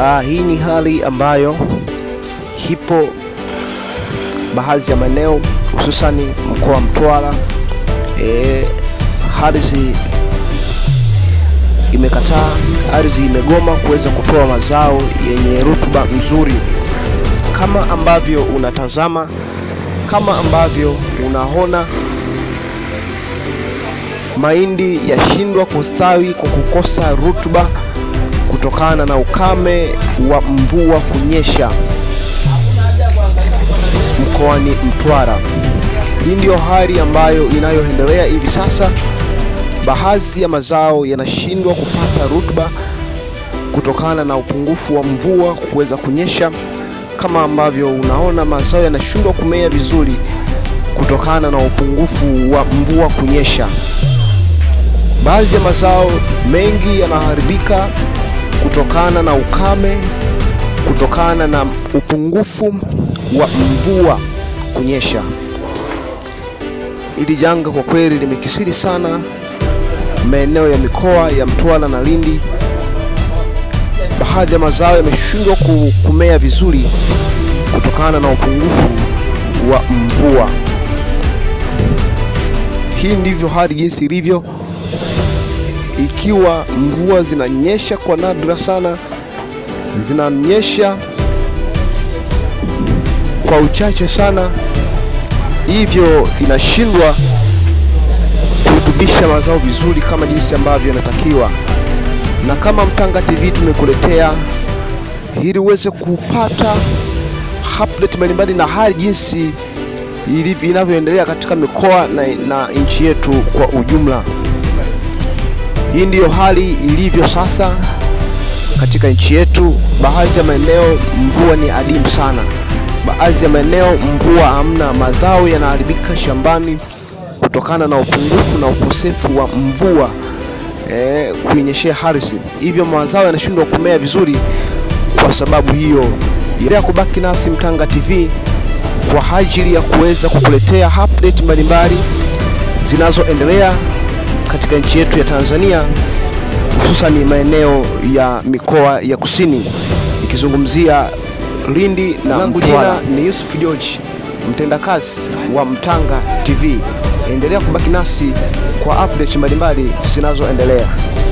Uh, hii ni hali ambayo hipo baadhi ya maeneo hususani mkoa wa Mtwara. E, ardhi imekataa, ardhi imegoma kuweza kutoa mazao yenye rutuba nzuri, kama ambavyo unatazama, kama ambavyo unaona mahindi yashindwa kustawi kwa kukosa rutuba kutokana na ukame wa mvua kunyesha mkoani Mtwara. Hii ndiyo hali ambayo inayoendelea hivi sasa. Baadhi ya mazao yanashindwa kupata rutuba kutokana na upungufu wa mvua kuweza kunyesha, kama ambavyo unaona mazao yanashindwa kumea vizuri kutokana na upungufu wa mvua kunyesha. Baadhi ya mazao mengi yanaharibika kutokana na ukame, kutokana na upungufu wa mvua kunyesha. Hili janga kwa kweli limekisiri sana maeneo ya mikoa ya Mtwara na Lindi. Baadhi ya mazao yameshindwa kumea vizuri kutokana na upungufu wa mvua. Hii ndivyo hali jinsi ilivyo ikiwa mvua zinanyesha kwa nadra sana, zinanyesha kwa uchache sana, hivyo inashindwa kurutubisha mazao vizuri kama jinsi ambavyo inatakiwa. Na kama Mtanga TV tumekuletea ili uweze kupata update mbalimbali na hali jinsi inavyoendelea katika mikoa na, na nchi yetu kwa ujumla. Hii ndiyo hali ilivyo sasa katika nchi yetu. Baadhi ya maeneo mvua ni adimu sana, baadhi ya maeneo mvua hamna, mazao yanaharibika shambani kutokana na upungufu na ukosefu wa mvua eh, kuinyeshea harisi, hivyo mazao yanashindwa kumea vizuri. Kwa sababu hiyo, endelea kubaki nasi Mtanga TV kwa ajili ya kuweza kukuletea update mbalimbali zinazoendelea katika nchi yetu ya Tanzania hususan maeneo ya mikoa ya kusini ikizungumzia Lindi na Mtwara. Ni Yusuf George, mtendakazi wa Mtanga TV. Endelea kubaki nasi kwa update mbalimbali zinazoendelea.